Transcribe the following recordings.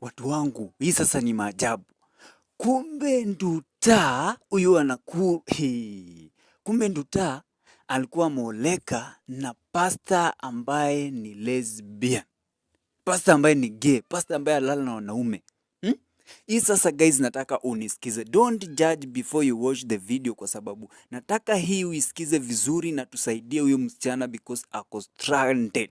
watu wangu, hii sasa ni maajabu. Kumbe Nduta huyu anaku kumbe Nduta alikuwa moleka na pasta ambaye ni lesbian, pasta ambaye ni gay, pasta ambaye alala na wanaume hmm? Hii sasa guys, nataka unisikize, don't judge before you watch the video, kwa sababu nataka hii uisikize vizuri na tusaidie huyu msichana because ako stranded.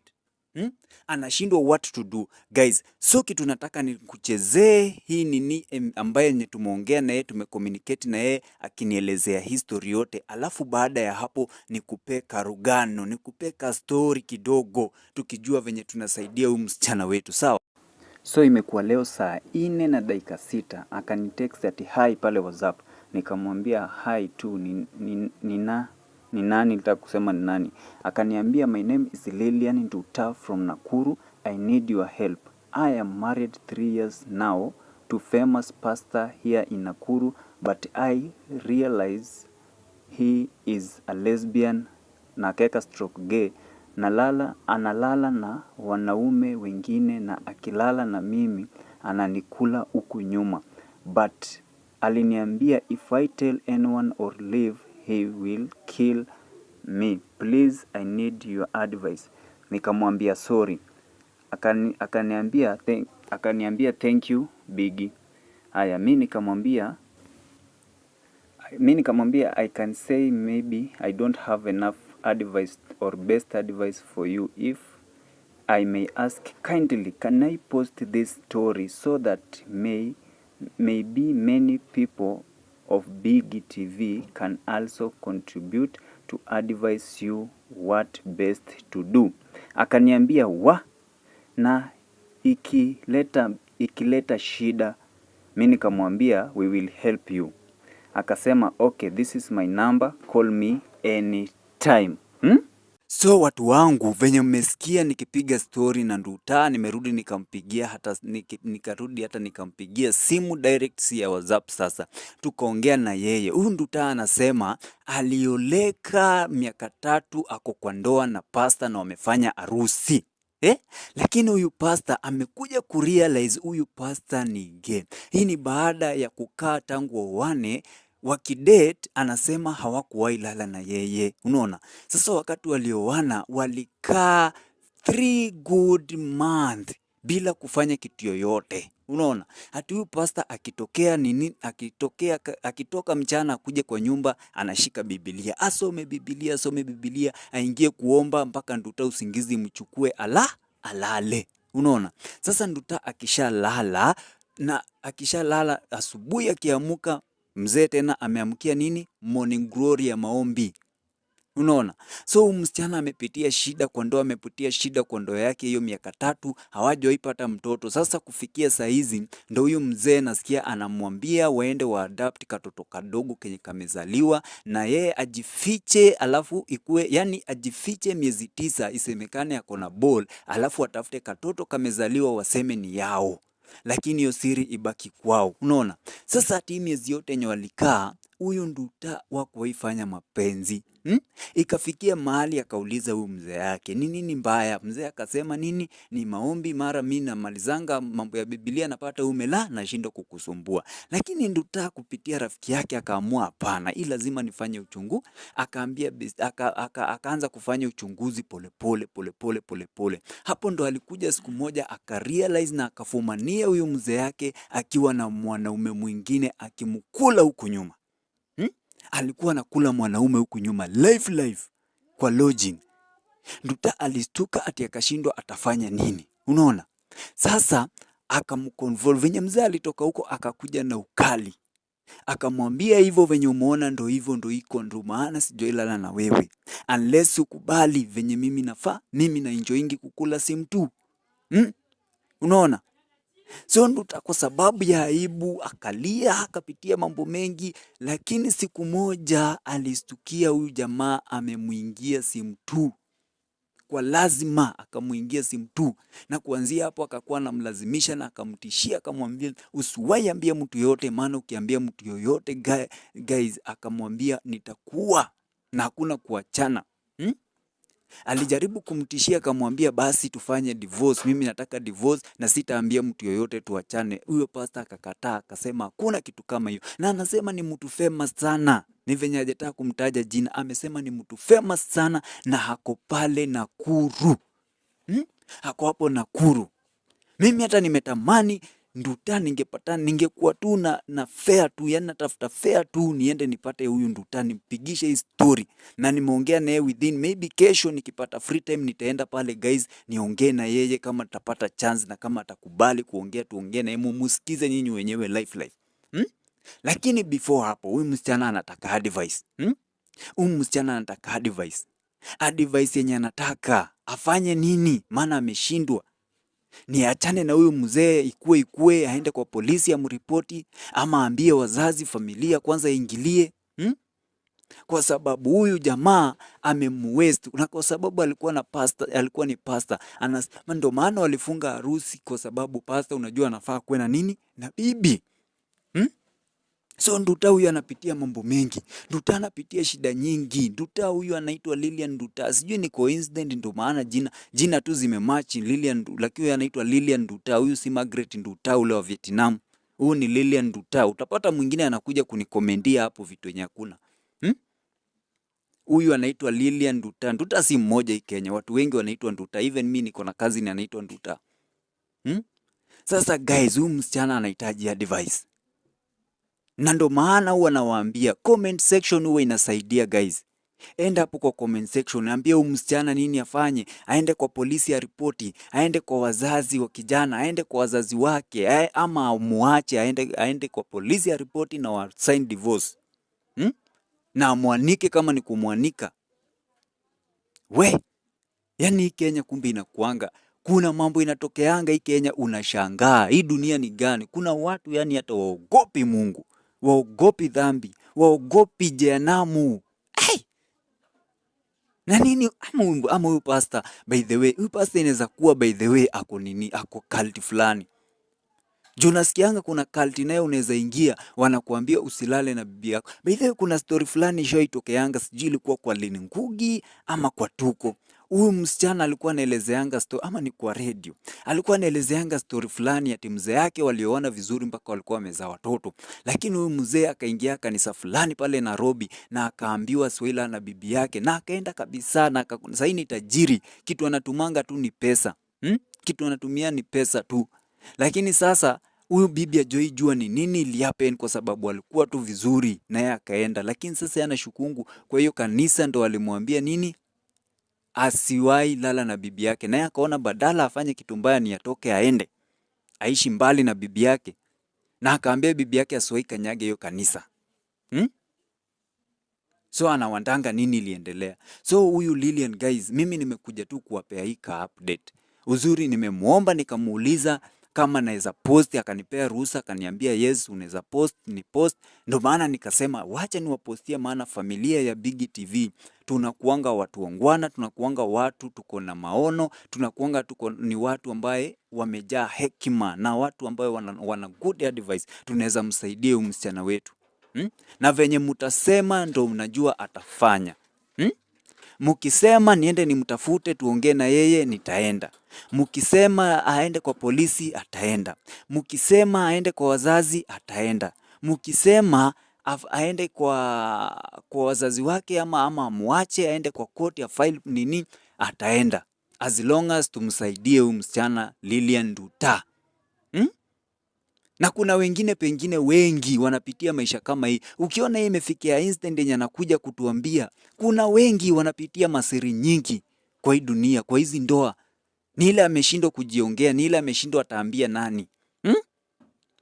Hmm? Anashindwa what to do guys, so kitu nataka ni kuchezee hii nini ambaye nye tumeongea na yeye tumecommunicate na yeye akinielezea history yote, alafu baada ya hapo nikupe karugano, nikupe ka story kidogo, tukijua venye tunasaidia huyu msichana wetu, sawa? So imekuwa leo saa ine na dakika sita akanitext ati hi pale WhatsApp, nikamwambia hi tu nina ni, ni ni nani, nitaka kusema ni nani. Akaniambia, my name is Lilian Nduta from Nakuru, I need your help. I am married three years now to famous pastor here in Nakuru, but I realize he is a lesbian na keka stroke gay nalala analala na wanaume wengine na akilala na mimi ananikula huku nyuma, but aliniambia if I tell anyone or leave he will kill me. Please I need your advice. Nikamwambia sorry. akaniambia thank, akaniambia thank you bigi Haya, mi nikamwambia mi nikamwambia I can say maybe I don't have enough advice or best advice for you if I may ask kindly can I post this story so that may maybe many people of big TV can also contribute to advise you what best to do. Akaniambia wa na ikileta ikileta shida, mi nikamwambia we will help you. Akasema okay, this is my number, call me anytime. Hmm? So watu wangu, venye mmesikia nikipiga stori na Nduta, nimerudi nikampigia hata nik, nikarudi hata nikampigia simu direct, si ya WhatsApp. Sasa tukaongea na yeye. Huyu Nduta anasema alioleka miaka tatu, ako kwa ndoa na pasta na wamefanya harusi Eh? Lakini huyu pasta amekuja kurealize huyu pasta ni gay. Hii ni baada ya kukaa tangu wawane wakidate anasema hawakuwahi lala na yeye. Unaona, sasa wakati walioana walikaa three good month bila kufanya kitu yoyote. Unaona, hati huyu pasta akitokea nini, akitokea akitoka mchana akuja kwa nyumba anashika Biblia asome Biblia asome Biblia aingie kuomba mpaka nduta usingizi mchukue, ala alale. Unaona, sasa nduta akishalala na akishalala, asubuhi akiamuka Mzee tena ameamkia nini? Morning glory ya maombi. Unaona, so msichana amepitia shida kwa ndoa, amepitia shida kwa ndoa yake hiyo, miaka tatu hawajaipata mtoto. Sasa kufikia saa hizi ndo huyu mzee nasikia anamwambia waende adapt katoto kadogo kenye kamezaliwa, na yeye ajifiche, alafu ikue, yani ajifiche miezi tisa, isemekane ako na ball, alafu atafute katoto kamezaliwa, waseme ni yao lakini hiyo siri ibaki kwao. Unaona, sasa hati miezi yote yenye walikaa, huyu Nduta wakuwaifanya mapenzi Hmm? Ikafikia mahali akauliza huyu mzee yake ni nini mbaya? Mzee akasema nini, ni maombi, mara mi namalizanga mambo ya Biblia napata umela nashindwa kukusumbua. Lakini nduta kupitia rafiki yake akaamua hapana, hii lazima nifanye uchungu. Akaambia aka, aka, kufanya uchunguzi polepole polepole polepole. Hapo ndo alikuja siku moja akarealize na akafumania huyu mzee yake akiwa na mwanaume mwingine akimkula huku nyuma alikuwa anakula mwanaume huku nyuma life life kwa lodging. Nduta alistuka ati akashindwa atafanya nini? Unaona, sasa akamconvolve venye mzee alitoka huko, akakuja na ukali akamwambia hivyo venye umeona ndo hivyo ndo iko ndo maana sijoilala na wewe unless ukubali venye mimi nafaa. Mimi na ingi kukula simu tu mm? Unaona, nduta kwa sababu ya aibu akalia, akapitia mambo mengi, lakini siku moja alistukia huyu jamaa amemwingia simu tu kwa lazima, akamwingia simu tu, na kuanzia hapo akakuwa anamlazimisha na akamtishia, akamwambia usiwahi ambia mtu yoyote, maana ukiambia mtu yoyote guys, akamwambia nitakuwa na hakuna kuachana hmm? Alijaribu kumtishia akamwambia, basi tufanye divorce, mimi nataka divorce na sitaambia mtu yoyote, tuachane. Huyo pasta akakataa, akasema hakuna kitu kama hiyo, na anasema ni mtu famous sana, ni venye hajataka kumtaja jina, amesema ni mtu famous sana na hako pale Nakuru, hmm? hako hapo Nakuru. Mimi hata nimetamani Nduta ningepata ningekuwa tu na, na fair tu yani natafuta fair tu niende nipate huyu Nduta nimpigishe hii story, na nimeongea naye within maybe kesho nikipata free time nitaenda pale guys niongee na yeye kama tutapata chance na kama atakubali kuongea tuongee naye, yeye, mumsikize nyinyi wenyewe life life hmm? Lakini before hapo huyu msichana anataka advice hmm? msichana anataka advice, advice yenye anataka afanye nini? Maana ameshindwa niachane na huyu mzee, ikue ikue, aende kwa polisi amripoti, ama ambie wazazi, familia kwanza ingilie hmm? Kwa sababu huyu jamaa amemwest, na kwa sababu alikuwa na pasta, alikuwa ni pasta, ndio maana walifunga harusi, kwa sababu pasta, unajua anafaa kuwe na nini na bibi. So Nduta huyu anapitia mambo mengi. Nduta anapitia shida nyingi. Nduta huyu anaitwa Lilian Nduta. Sijui ni coincidence ndio maana jina jina tu zimemachi Lilian, lakini huyu anaitwa Lilian Nduta. Huyu si Margaret Nduta ule wa Vietnam. Huyu ni Lilian Nduta. Utapata mwingine anakuja kunikomendia hapo vitu yenye hakuna. Hmm? Huyu anaitwa Lilian Nduta. Nduta si mmoja hii Kenya. Watu wengi wanaitwa Nduta. Even mimi niko na kazi ni anaitwa Nduta. Hmm? Sasa guys, huyu msichana anahitaji advice na ndo maana huwa nawaambia comment section huwa inasaidia guys. Enda hapo kwa comment section, ambia huyu msichana nini afanye, aende kwa polisi aripoti, aende kwa wazazi wa kijana, aende kwa wazazi wake ae, eh, ama amuache aende, aende kwa polisi aripoti na wa sign divorce hmm? na amwanike kama ni kumwanika we. Yani hii Kenya kumbe inakuanga kuna mambo inatokeanga hii Kenya, unashangaa hii dunia ni gani? Kuna watu yani hata waogopi Mungu waogopi dhambi, waogopi jehanamu. Hey! na nini ama, ama huyu pasta, by the way, huyu pasta inaweza kuwa by the way ako nini, ako kalti fulani juu nasikianga kuna kalti nayo unaweza ingia, wanakuambia usilale na bibi yako. By the way, kuna stori fulani ishaitokeanga, sijui ilikuwa kwa Lini Ngugi ama kwa Tuko huyu msichana alikuwa anaelezeanga story ama ni kwa redio, alikuwa anaelezeanga story fulani ati mzee yake walioona vizuri mpaka walikuwa wamezaa watoto, lakini huyu mzee akaingia kanisa fulani pale Nairobi na akaambiwa swila na bibi yake, na akaenda kabisa, na sasa ni tajiri, kitu anatumanga tu ni pesa hmm? kitu anatumia ni pesa tu, lakini sasa huyu bibi ajoi jua ni nini happen kwa sababu alikuwa tu vizuri naye akaenda, lakini sasa ana shukungu. Kwa hiyo kanisa ndo alimwambia nini asiwai lala na bibi yake, naye akaona badala afanye kitu mbaya ni atoke aende aishi mbali na bibi yake, na akaambia bibi yake asiwai kanyage hiyo kanisa hmm? So anawandanga nini iliendelea. So huyu Lilian guys, mimi nimekuja tu kuwapea hii ka update. Uzuri nimemwomba nikamuuliza kama naweza post, akanipea ruhusa, akaniambia yes, unaweza post, ni post. Ndio maana nikasema wacha niwapostie, maana familia ya big TV tunakuanga watu wangwana, tunakuanga watu tuko na maono, tunakuanga tuko ni watu ambaye wamejaa hekima na watu ambaye wana, wana good advice. Tunaweza msaidie msichana wetu hmm? na venye mutasema ndo unajua atafanya. Mkisema niende nimtafute tuongee na yeye, nitaenda. Mkisema aende kwa polisi, ataenda. Mkisema aende kwa wazazi, ataenda. Mkisema aende kwa, kwa wazazi wake ama ama amwache aende kwa koti file nini, ataenda as long as tumsaidie huyu msichana Lilian Duta hmm? na kuna wengine pengine wengi wanapitia maisha kama hii. Ukiona hii imefikia instant yenye anakuja kutuambia, kuna wengi wanapitia masiri nyingi kwa hii dunia, kwa hizi ndoa. Ni ile ameshindwa kujiongea, ni ile ameshindwa ataambia nani hmm?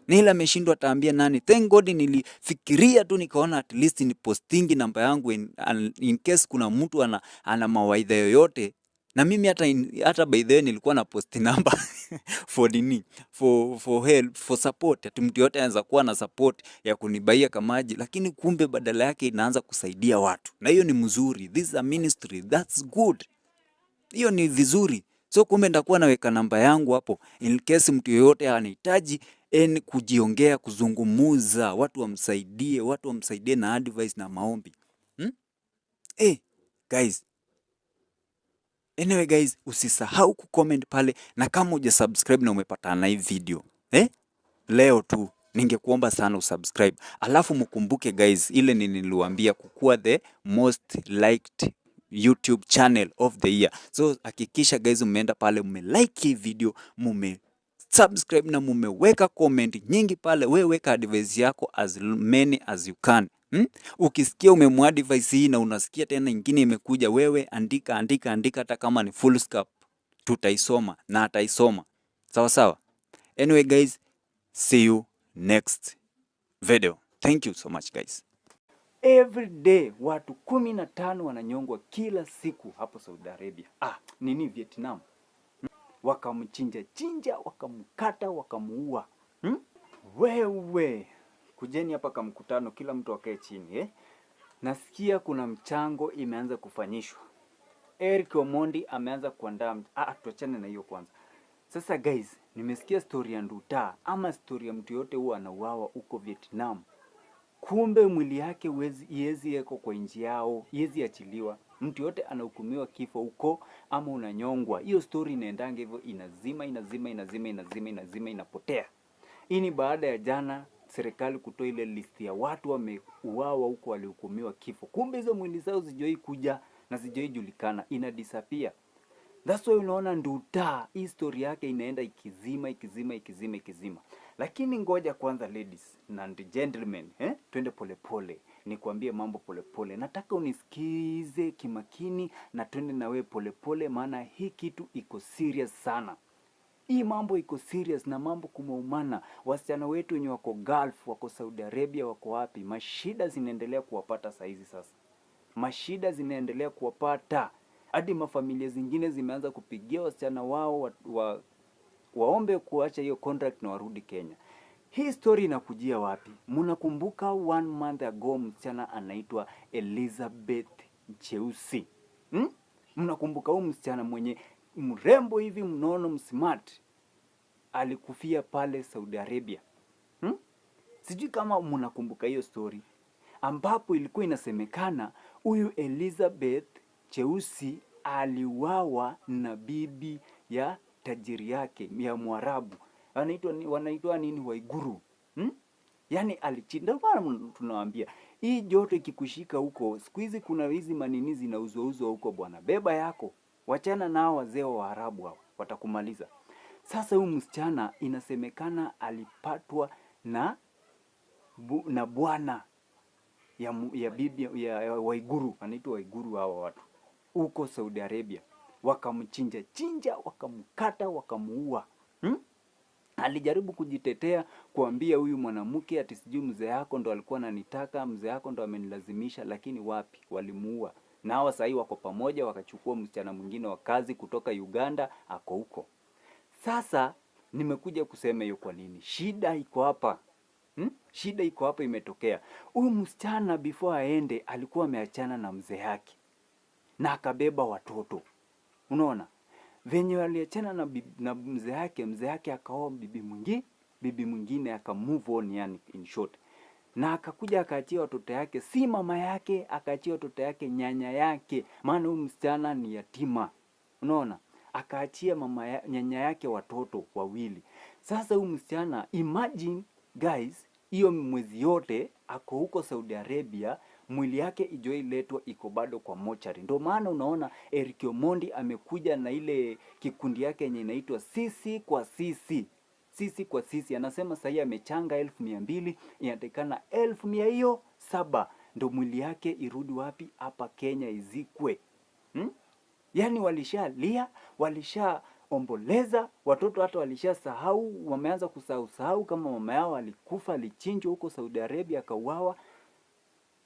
Ni ile ameshindwa ataambia nani? Thank God nilifikiria tu nikaona at least ni postingi namba yangu in, in case kuna mtu ana, ana mawaidha yoyote na mimi hata, in, hata by the way nilikuwa na post number for nini for, for help for support, ati mtu yote anaweza kuwa na support ya kunibaia kamaji, lakini kumbe badala yake inaanza kusaidia watu, na hiyo ni mzuri. This is a ministry that's good, hiyo ni vizuri. So kumbe ndakuwa naweka namba yangu hapo in case mtu yoyote anahitaji en kujiongea, kuzungumuza, watu wamsaidie, watu wamsaidie na advice na maombi hmm? Hey, eh, guys Anyway guys, usisahau kucomment pale, na kama hujasubscribe na umepata na hii video eh, leo tu ningekuomba sana usubscribe, alafu mkumbuke guys, ile niliwaambia kukuwa the most liked YouTube channel of the year. So hakikisha guys, umeenda pale mumelike hii video, mume subscribe na mumeweka comment nyingi pale. Wewe weka advice yako as many as you can. Hmm? Ukisikia umemwadvise hii na unasikia tena ingine imekuja, wewe andika andika andika, hata kama ni full scope tutaisoma na ataisoma sawa sawa. Anyway guys, see you next video. Thank you so much guys. Every day watu kumi na tano wananyongwa kila siku hapo Saudi Arabia, ah, nini Vietnam, hmm? Wakamchinja chinja, wakamkata, wakamuua, hmm? Wewe kujeni hapa kwa mkutano, kila mtu akae chini eh? Nasikia kuna mchango imeanza kufanyishwa. Eric Omondi ameanza kuandaa. Ah, ah, tuachane na hiyo kwanza. Sasa guys, nimesikia story ya Nduta ama story ya mtu yote huwa anauawa huko Vietnam. Kumbe mwili yake iwezi yeko kwa nchi yao, iwezi achiliwa. Mtu yote anahukumiwa kifo huko ama unanyongwa. Hiyo story inaendanga hivyo, inazima inazima inazima inazima inazima inapotea. Hii ni baada ya jana serikali kutoa ile listi ya watu wameuawa huko walihukumiwa kifo, kumbe hizo mwili zao zijoi kuja na zijoi julikana, ina disappear. That's why unaona Nduta hii story yake inaenda ikizima ikizima ikizima ikizima. Lakini ngoja kwanza, ladies and gentlemen, eh, twende polepole nikwambie mambo polepole pole. Nataka unisikize kimakini na twende na wewe polepole, maana hii kitu iko serious sana. Hii mambo iko serious na mambo kumeumana. Wasichana wetu wenye wako Gulf, wako Saudi Arabia, wako wapi, mashida zinaendelea kuwapata hizi. Sasa mashida zinaendelea kuwapata hadi mafamilia zingine zimeanza kupigia wasichana wao wa, wa, waombe kuacha hiyo contract na warudi Kenya. Hii story inakujia wapi? Mnakumbuka one month ago msichana anaitwa Elizabeth Cheusi, hmm? Mnakumbuka huyu msichana mwenye mrembo hivi mnono msmart alikufia pale Saudi Arabia hmm? Sijui kama mnakumbuka hiyo story ambapo ilikuwa inasemekana huyu Elizabeth Cheusi aliuawa na bibi ya tajiri yake ya Mwarabu wanaitwa wanaitwa nini Waiguru hmm? Yaani alichinda tunawaambia hii joto ikikushika huko siku hizi kuna hizi manini zinauzwauzwa huko bwana, beba yako Wachana nao wazee wa arabu hao, watakumaliza. Sasa huyu msichana inasemekana alipatwa na bu, na bwana ya, ya bibi ya, ya Waiguru, anaitwa Waiguru hawa watu huko Saudi Arabia, wakamchinja chinja, wakamkata, wakamuua hmm? Alijaribu kujitetea kuambia huyu mwanamke ati sijui mzee yako ndo alikuwa ananitaka, mzee yako ndo amenilazimisha, lakini wapi, walimuua na hawa sahii wako pamoja, wakachukua msichana mwingine wa kazi kutoka Uganda, ako huko sasa. Nimekuja kusema hiyo kwa nini, shida iko hapa hmm? Shida iko hapa, imetokea huyu msichana before aende alikuwa ameachana na mzee yake na akabeba watoto. Unaona venye waliachana na, na mzee yake, mzee yake akaoa bibi mwingine, bibi mwingine aka move on, yani in short na akakuja akaachia watoto yake, si mama yake, akaachia watoto yake nyanya yake, maana huyu msichana ni yatima, unaona, akaachia mama ya, nyanya yake watoto wawili. Sasa huyu msichana imagine guys, hiyo mwezi yote ako huko Saudi Arabia, mwili yake ijoi letwa iko bado kwa mochari. Ndio maana unaona Eric Omondi amekuja na ile kikundi yake yenye inaitwa sisi kwa sisi sisi kwa sisi. Anasema sahii amechanga elfu mia mbili, inatakikana elfu mia hiyo saba ndo mwili yake irudi wapi? Hapa Kenya izikwe, hmm? Yaani walishalia walishaomboleza, watoto hata walishasahau, wameanza kusahau sahau kama mama yao alikufa, alichinjwa huko Saudi Arabia akauawa,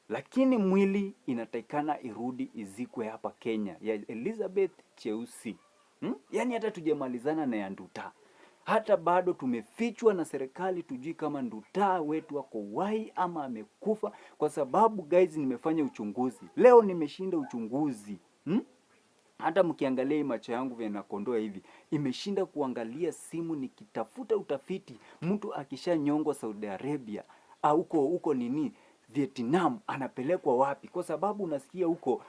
lakini mwili inatakikana irudi izikwe hapa Kenya ya Elizabeth Cheusi, hmm? Yaani hata tujamalizana na Yanduta hata bado tumefichwa na serikali, tujui kama Nduta wetu wako wai ama amekufa, kwa sababu guys, nimefanya uchunguzi leo, nimeshinda uchunguzi hmm? Hata mkiangalia hii macho yangu vile hivi, imeshinda kuangalia simu nikitafuta utafiti. Mtu akishanyongwa Saudi Arabia au huko huko nini Vietnam, anapelekwa wapi? Kwa sababu unasikia huko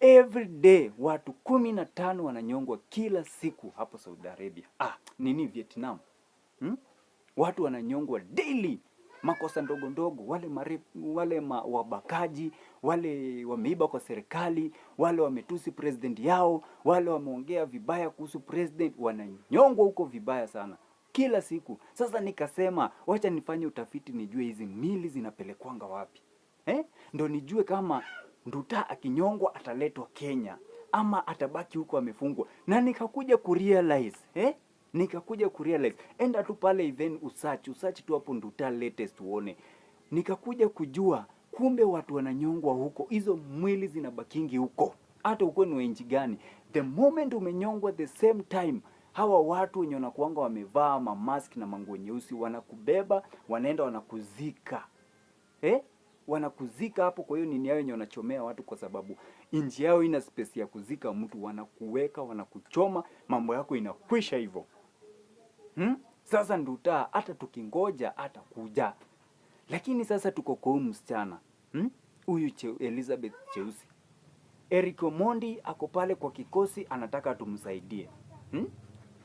every day watu kumi na tano wananyongwa kila siku hapo Saudi Arabia. Ah, nini Vietnam hmm? Watu wananyongwa daily, makosa ndogo ndogo, wale mare, wale ma, wabakaji wale wameiba kwa serikali, wale wametusi president yao, wale wameongea vibaya kuhusu president, wananyongwa huko vibaya sana kila siku. Sasa nikasema wacha nifanye utafiti nijue hizi mili zinapelekwanga wapi eh? Ndo nijue kama Nduta akinyongwa ataletwa Kenya ama atabaki huko amefungwa. Na nikakuja kurealize eh, nikakuja kurealize, enda tu pale then usearch usearch tu hapo Nduta latest uone, nikakuja kujua kumbe watu wananyongwa huko, hizo mwili zinabakingi huko, hata uko ni wenji gani, the moment umenyongwa, the same time hawa watu wenye wanakuanga wamevaa mamask na manguo nyeusi wanakubeba, wanaenda wanakuzika eh? wanakuzika hapo. Kwa hiyo nini yao yenye wanachomea watu, kwa sababu nji yao ina space ya kuzika mtu, wanakuweka wanakuchoma, mambo yako inakwisha hivyo hmm? Sasa nduta hata tukingoja atakuja, lakini sasa tuko kwa huyu msichana hmm? huyu hmm? Elizabeth Cheusi, Eric Omondi ako pale kwa kikosi, anataka tumsaidie hmm?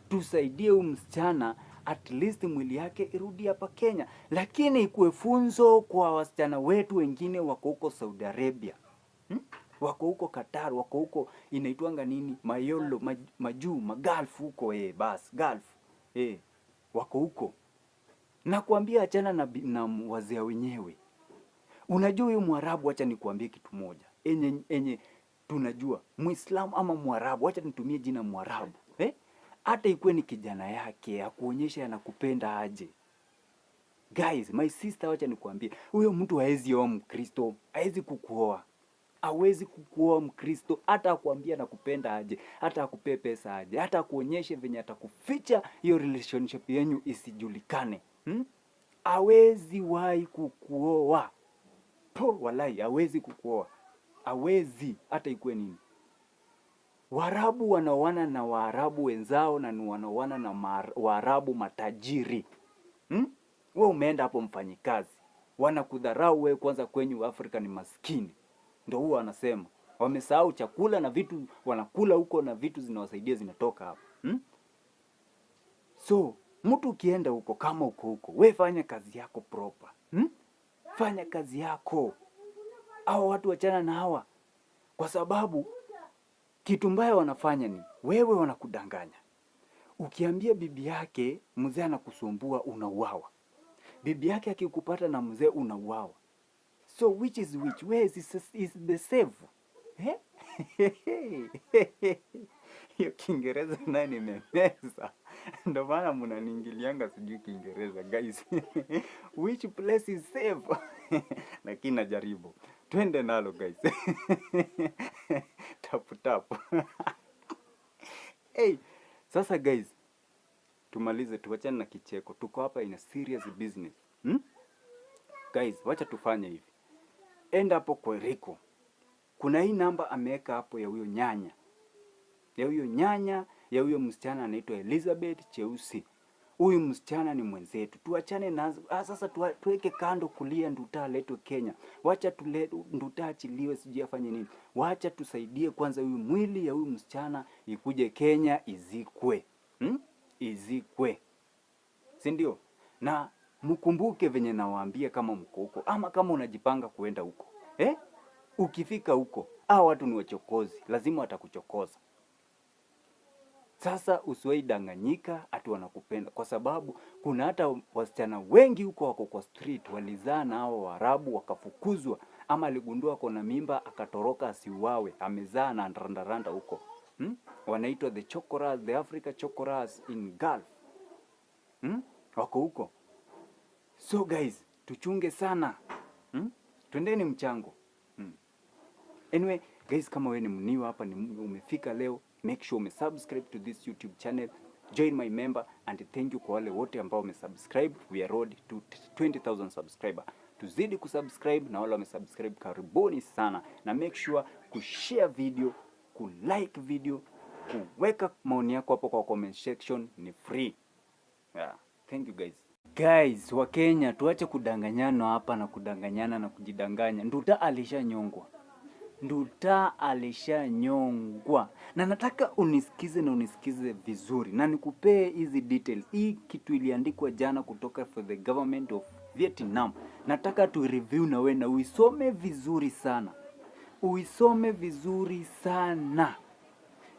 tusaidie huyu msichana at least mwili yake irudi hapa Kenya, lakini ikuwe funzo kwa wasichana wetu wengine wako huko Saudi Arabia hmm? wako huko Qatar, wako huko inaitwanga nini mayolo maj, majuu magalf huko eh, bas galf eh, wako huko nakwambia, achana na, na wazee wenyewe. Unajua huyu Mwarabu, acha nikuambie kitu moja enye, enye tunajua Muislamu ama Mwarabu, acha nitumie jina Mwarabu hata ikuwe ni kijana yake ya kuonyesha anakupenda aje. Guys, my sister, wacha nikwambie, huyo mtu hawezi oa Mkristo, hawezi kukuoa, hawezi kukuoa Mkristo, hata akuambia nakupenda aje, hata akupee pesa aje, hata akuonyeshe venye atakuficha hiyo relationship yenyu isijulikane, hmm? hawezi wahi kukuoa po, walai hawezi kukuoa, hawezi hata ikuwe nini Waarabu wanaoana na Waarabu wenzao na ni wanaoana na Waarabu matajiri hmm? We umeenda hapo mfanyikazi, wanakudharau wewe kwanza, kwenyu Afrika ni maskini, ndio huwa wanasema wamesahau chakula na vitu wanakula huko na vitu zinawasaidia zinatoka hapo hmm? So mtu ukienda huko kama uko huko, we fanya kazi yako proper hmm? Fanya kazi yako, awa watu wachana na hawa kwa sababu kitu mbaya wanafanya ni wewe, wanakudanganya. Ukiambia bibi yake mzee anakusumbua, unauawa. Bibi yake akikupata na mzee, unauawa. So which is which? Where is, is the save? Eh? Hiyo Kiingereza naye nimemeza. Ndio maana mnaniingilianga sijui Kiingereza guys. Which place is safe? Lakini najaribu twende nalo guys. tapu tapu. Hey, sasa guys, tumalize tuwachane na kicheko, tuko hapa ina serious business hmm? Guys, wacha tufanye hivi, enda hapo kwa Rico, kuna hii namba ameweka hapo ya huyo nyanya ya huyo nyanya ya huyo msichana anaitwa Elizabeth Cheusi huyu msichana ni mwenzetu, tuachane na ah, sasa, tuweke kando kulia Nduta aletwe Kenya, wacha tule Nduta achiliwe, sijui afanye nini, wacha tusaidie kwanza huyu mwili ya huyu msichana ikuje Kenya izikwe, hmm? izikwe, si ndio? Na mkumbuke venye nawaambia, kama mko huko ama kama unajipanga kuenda huko eh? Ukifika huko hao watu ni wachokozi, lazima watakuchokoza. Sasa usiwaidanganyika danganyika ati wanakupenda, kwa sababu kuna hata wasichana wengi huko wako kwa street walizaa na hao Waarabu wakafukuzwa, ama aligundua kona mimba akatoroka asiuawe, amezaa na randaranda huko hmm? Wanaitwa the chokoras, the Africa chokoras in Gulf hmm? Wako huko. So guys, tuchunge sana hmm? Twendeni mchango hmm. Anyway guys, kama wewe ni mniwa hapa, ni umefika leo make sure umesubscribe to this YouTube channel, join my member and thank you kwa wale wote ambao wamesubscribe. We are road to 20000 subscriber, tuzidi kusubscribe na wale wamesubscribe, karibuni sana, na make sure kushare video, kulike video, kuweka maoni yako hapo kwa comment section, ni free yeah. Thank you guys. Guys wa Kenya, tuache kudanganyana hapa na kudanganyana na kujidanganya. Nduta alishanyongwa. Nduta alishanyongwa, na nataka unisikize na unisikize vizuri, na nikupee hizi detail. Hii kitu iliandikwa jana kutoka for the government of Vietnam. Nataka tu review na wewe na uisome vizuri sana, uisome vizuri sana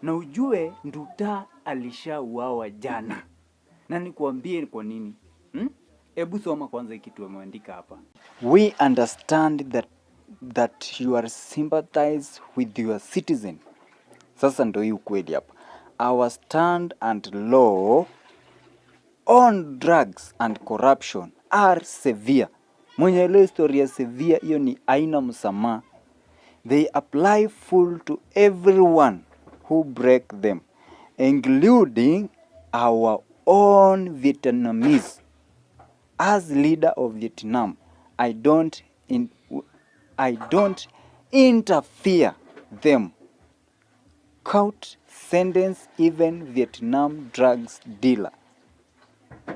na ujue Nduta alishauawa jana, na nikuambie kwa nini. Hebu hmm? soma kwanza kitu wameandika hapa. We understand that that you are sympathize with your citizen. Sasa ndo hii ukweli hapa, our stand and law on drugs and corruption are severe. Mwenye ile historia severe hiyo ni aina msamaha. They apply full to everyone who break them including our own Vietnamese. As leader of Vietnam, I don't in, I don't interfere them. Court sentence even Vietnam drugs dealer.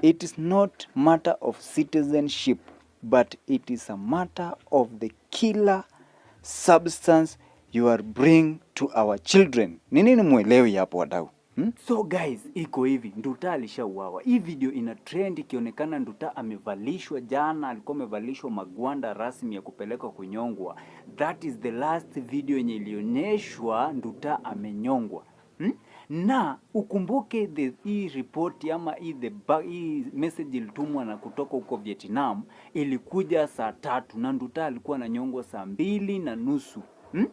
It is not matter of citizenship, but it is a matter of the killer substance you are bring to our children. Ni mwelewi hapo wadau? Hmm? So guys, iko hivi, Nduta alishauawa. Hii video ina trend ikionekana Nduta amevalishwa jana, alikuwa amevalishwa magwanda rasmi ya kupelekwa kunyongwa. That is the last video yenye ilionyeshwa Nduta amenyongwa. Hmm? Na ukumbuke the hii ripoti ama hii the hii message ilitumwa na kutoka huko Vietnam ilikuja saa tatu na Nduta alikuwa ananyongwa saa mbili na nusu. Hmm?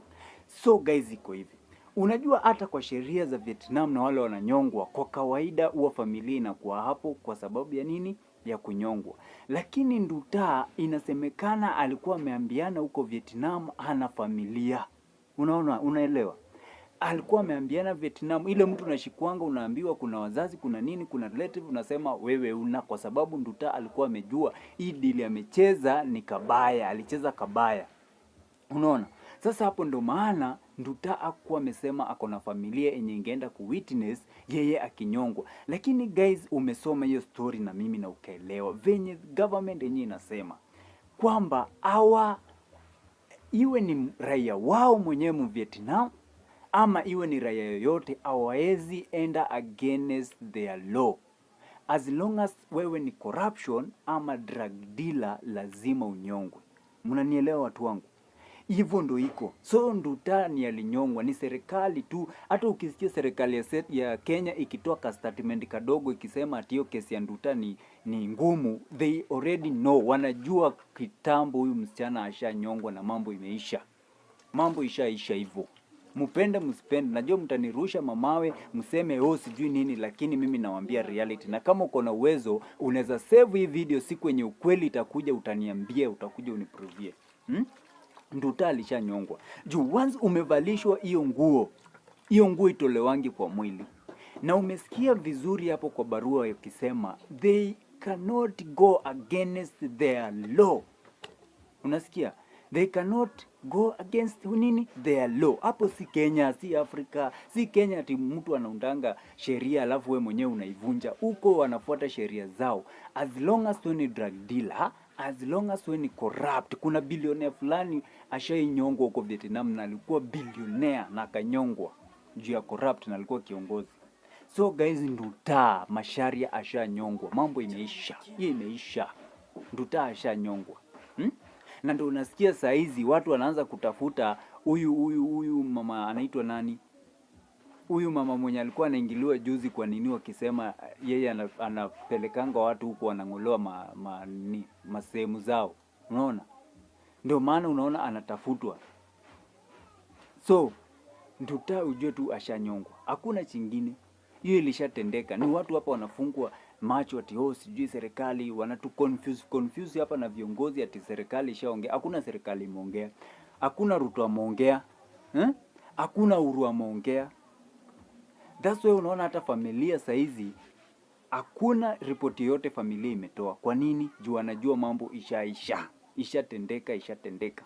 So guys, iko hivi Unajua, hata kwa sheria za Vietnam na wale wananyongwa, kwa kawaida huwa familia inakuwa hapo kwa sababu ya nini? Ya kunyongwa. Lakini Nduta inasemekana alikuwa ameambiana huko Vietnam hana familia. Unaona, unaelewa? Alikuwa ameambiana Vietnam, ile mtu unashikwanga, unaambiwa kuna wazazi, kuna nini, kuna relative, unasema wewe una, kwa sababu Nduta alikuwa amejua hii dili amecheza ni kabaya, alicheza kabaya. Unaona? Sasa hapo ndo maana Nduta akuwa amesema ako na familia yenye ingeenda witness yeye akinyongwa, lakini guys, umesoma hiyo story na mimi na ukaelewa venye government yenye inasema kwamba awa iwe ni raia wao mwenyewe mu Vietnam ama iwe ni raia yoyote, awaezi enda against their law as long as wewe ni corruption ama drug dealer, lazima unyongwe. Mnanielewa watu wangu? hivyo ndo iko. So Ndutani alinyongwa ni serikali tu. Hata ukisikia serikali ya Kenya ikitoa ka statement kadogo ikisema ati hiyo kesi ya nduta ni ngumu, they already know, wanajua kitambo huyu msichana ashanyongwa na mambo imeisha, mambo ishaisha hivyo. Mpende msipende, najua mtanirusha mamawe, mseme oh sijui nini, lakini mimi nawambia reality. Na kama uko na uwezo unaweza save hii video, siku yenye ukweli itakuja, utaniambia, utakuja uniprovie hmm? nduta alishanyongwa juu once umevalishwa hiyo nguo, hiyo nguo itolewangi kwa mwili. Na umesikia vizuri hapo kwa barua ikisema they cannot go against their law. Unasikia, they cannot go against nini, their law. Hapo si Kenya, si Afrika, si Kenya ati mtu anaundanga sheria alafu we mwenyewe unaivunja. Huko wanafuata sheria zao as long as tu ni drug dealer as long as we ni corrupt. Kuna bilionea fulani ashainyongwa huko Vietnam na alikuwa bilionea na akanyongwa juu ya corrupt na alikuwa kiongozi. So guys, Nduta Macharia ashanyongwa, mambo imeisha, hii imeisha. Nduta ashanyongwa hmm? na ndio unasikia saa hizi watu wanaanza kutafuta huyu huyu huyu mama anaitwa nani huyu mama mwenye alikuwa anaingiliwa juzi, kwa nini wakisema eh, yeye anapelekanga watu huku wanang'olewa ma, ma, masehemu zao? Unaona, ndio maana unaona anatafutwa. So nduta ujue tu ashanyongwa, hakuna chingine, hiyo ilishatendeka. Ni watu hapa wanafungwa macho ati oh, sijui serikali wanatu confuse confuse hapa na viongozi ati serikali ishaongea. Hakuna serikali imeongea, hakuna Ruto ameongea, eh? hakuna eh? uru ameongea. That's why unaona hata familia saizi hakuna ripoti yote familia imetoa. Kwa nini? Juu anajua mambo ishaisha, ishatendeka, ishatendeka.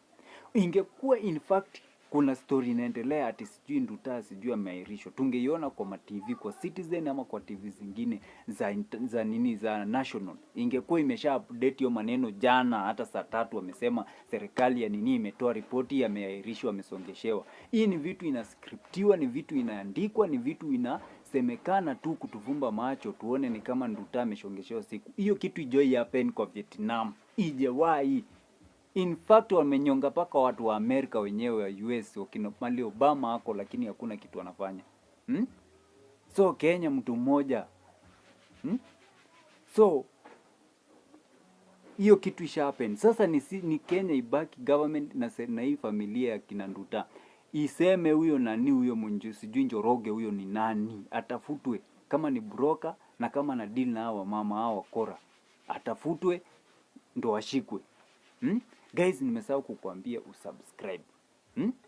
Ingekuwa in fact kuna story inaendelea ati sijui Nduta sijui ameahirishwa. Tungeiona kwa matv kwa Citizen ama kwa tv zingine za, za nini za national, ingekuwa imesha update hiyo maneno jana. Hata saa tatu wamesema serikali ya nini imetoa ripoti, ameahirishwa, amesongeshewa. Hii ni vitu inaskriptiwa, ni vitu inaandikwa, ni vitu inasemekana tu kutuvumba macho tuone ni kama Nduta ameshongeshewa siku hiyo. Kitu ijoi happen kwa Vietnam, ijawahi In fact wamenyonga mpaka watu wa Amerika wenyewe wa US mali Obama hako, lakini hakuna kitu anafanya hmm? So Kenya mtu mmoja hmm? So hiyo kitu isha happen sasa, ni, ni Kenya ibaki government na, na hii familia ya kina Nduta iseme huyo nani huyo sijui Njoroge huyo ni nani, atafutwe kama ni broker na kama na deal na hawa mama hawa kora, atafutwe ndo ashikwe hmm? Guys, nimesahau kukuambia usubscribe. Hmm?